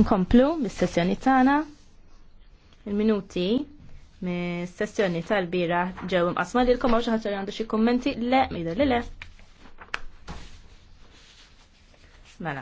Nkomplu mis sessjoni tagħna. Il-minuti mis-sessjoni tal-bira ġew imqasma lilkom għaw xi ħadd għandu xi kummenti le mejda li le. Mela.